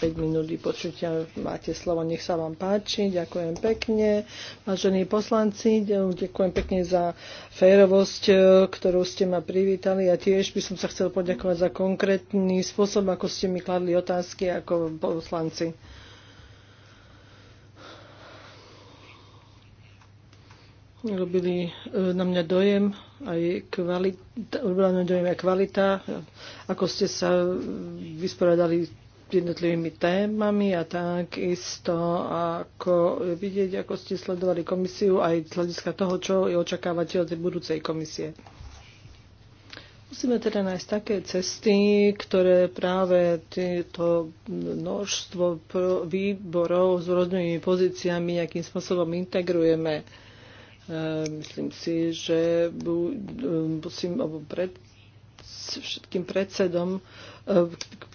5 minút vypočutia. Máte slovo, nech sa vám páči. Ďakujem pekne, vážení poslanci. Ďakujem pekne za férovosť, e, ktorú ste ma privítali. A ja tiež by som sa chcel poďakovať za konkrétny spôsob, ako ste mi kladli otázky ako poslanci. robili e, na mňa dojem aj kvalita, na mňa dojem aj kvalita, ako ste sa vysporiadali jednotlivými témami a tak isto ako vidieť, ako ste sledovali komisiu aj z hľadiska toho, čo je očakávate od tej budúcej komisie. Musíme teda nájsť také cesty, ktoré práve tieto množstvo výborov s rôznymi pozíciami nejakým spôsobom integrujeme. E, myslím si, že e, musím, pred, s všetkým predsedom, e,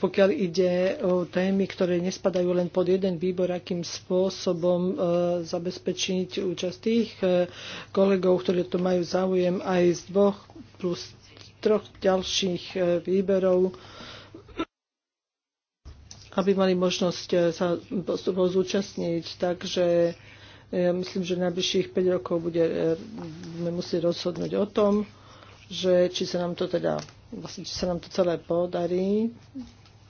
pokiaľ ide o témy, ktoré nespadajú len pod jeden výbor, akým spôsobom e, zabezpečiť účasť tých e, kolegov, ktorí to majú záujem aj z dvoch plus troch ďalších výberov aby mali možnosť sa postupov zúčastniť. Takže ja myslím, že najbližších 5 rokov budeme musieť rozhodnúť o tom, že či sa nám to teda vlastne, či sa nám to celé podarí.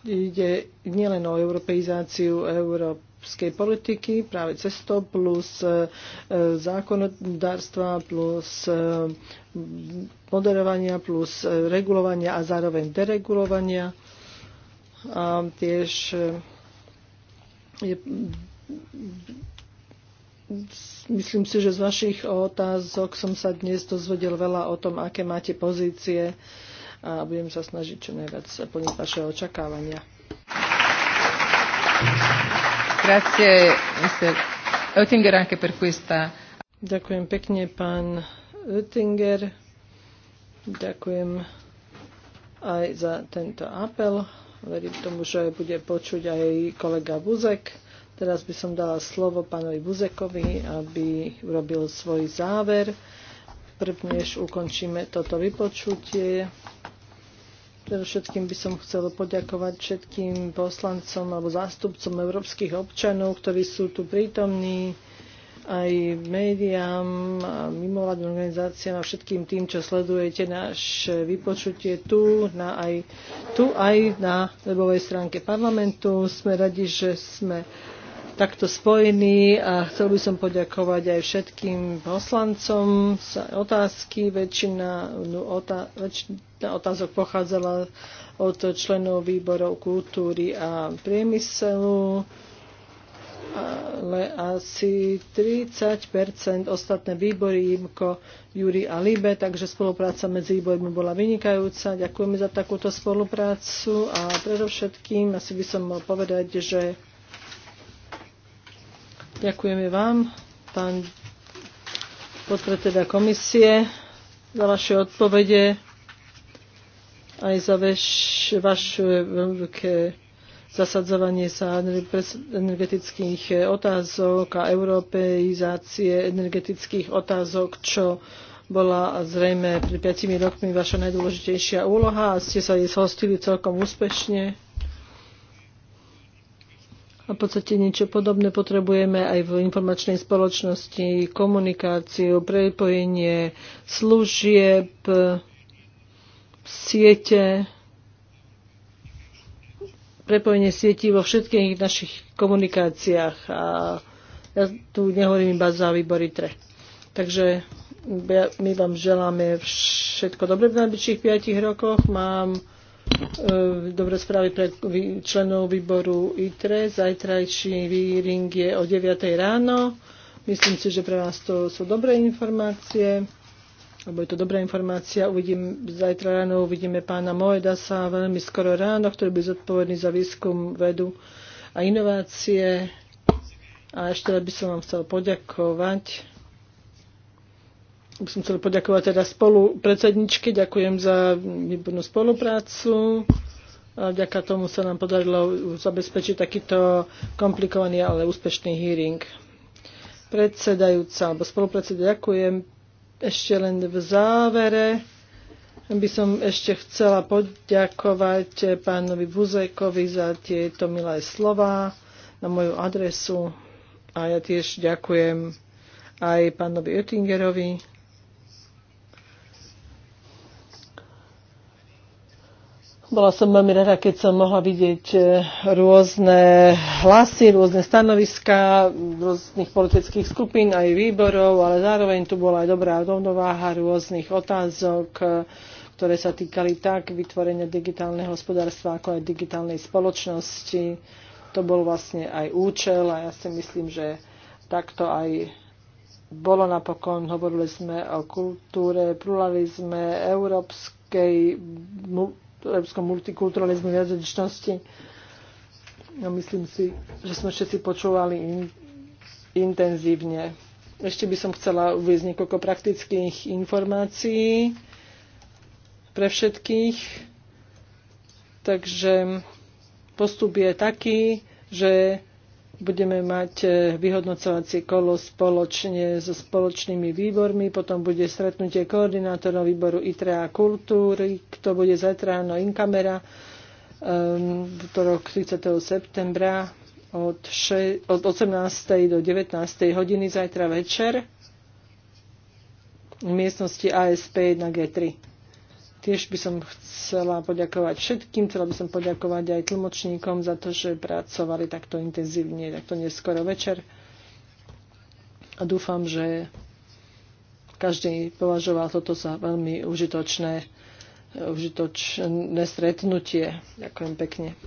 Ide nielen o europeizáciu európskej politiky, práve cesto plus e, e zákonodárstva, plus e, moderovania, plus e, regulovania a zároveň deregulovania. A tiež e, je, myslím si, že z vašich otázok som sa dnes dozvedel veľa o tom, aké máte pozície a budem sa snažiť čo najviac plniť vaše očakávania. Grazie, Oettinger, anche per questa. Ďakujem pekne, pán Oettinger. Ďakujem aj za tento apel. Verím tomu, že bude počuť aj kolega Buzek. Teraz by som dala slovo pánovi Buzekovi, aby urobil svoj záver. Prvnež ukončíme toto vypočutie. Predovšetkým by som chcela poďakovať všetkým poslancom alebo zástupcom európskych občanov, ktorí sú tu prítomní, aj médiám, a mimovládnym organizáciám a všetkým tým, čo sledujete naše vypočutie tu, na aj, tu aj na webovej stránke parlamentu. Sme radi, že sme takto spojení a chcel by som poďakovať aj všetkým poslancom za otázky. Väčšina, no, otá, väčšina otázok pochádzala od členov výborov kultúry a priemyselu ale asi 30 ostatné výbory Imko, Júri a Libe, takže spolupráca medzi výbormi bola vynikajúca. Ďakujeme za takúto spoluprácu a predovšetkým asi by som mohol povedať, že ďakujeme vám, pán podpredseda komisie, za vaše odpovede aj za veš vaše veľké zasadzovanie sa energetických otázok a europeizácie energetických otázok, čo bola zrejme pred 5 rokmi vaša najdôležitejšia úloha a ste sa jej zhostili celkom úspešne. A v podstate niečo podobné potrebujeme aj v informačnej spoločnosti, komunikáciu, prepojenie služieb, siete prepojenie sietí vo všetkých našich komunikáciách. A ja tu nehovorím iba za výbory TRE. Takže my vám želáme všetko dobre v najbližších 5 rokoch. Mám e, dobré správy pre členov výboru ITRE. Zajtrajší výring je o 9 ráno. Myslím si, že pre vás to sú dobré informácie lebo je to dobrá informácia. Uvidím, zajtra ráno uvidíme pána Moedasa veľmi skoro ráno, ktorý by zodpovedný za výskum, vedu a inovácie. A ešte by som vám chcel poďakovať. By som chcel poďakovať teda spolu predsedničke. Ďakujem za výbornú spoluprácu. A vďaka tomu sa nám podarilo zabezpečiť takýto komplikovaný, ale úspešný hearing. Predsedajúca alebo spolupredseda, ďakujem ešte len v závere by som ešte chcela poďakovať pánovi Buzekovi za tieto milé slova na moju adresu a ja tiež ďakujem aj pánovi Oettingerovi Bola som veľmi rada, keď som mohla vidieť e, rôzne hlasy, rôzne stanoviska rôznych politických skupín, aj výborov, ale zároveň tu bola aj dobrá rovnováha rôznych otázok, e, ktoré sa týkali tak vytvorenia digitálneho hospodárstva, ako aj digitálnej spoločnosti. To bol vlastne aj účel a ja si myslím, že takto aj bolo napokon. Hovorili sme o kultúre, pluralizme, európskej európskom multikulturalizmu jazyčnosti. No, myslím si, že sme všetci počúvali in, intenzívne. Ešte by som chcela uvieť niekoľko praktických informácií pre všetkých. Takže postup je taký, že budeme mať e, vyhodnocovacie kolo spoločne so spoločnými výbormi, potom bude stretnutie koordinátorov výboru ITRE a kultúry, to bude zajtra no in kamera, um, ehm, útorok 30. septembra od, še- od 18. do 19. hodiny zajtra večer v miestnosti ASP 1G3. Tiež by som chcela poďakovať všetkým, chcela by som poďakovať aj tlmočníkom za to, že pracovali takto intenzívne, takto neskoro večer. A dúfam, že každý považoval toto za veľmi užitočné, užitočné stretnutie. Ďakujem pekne.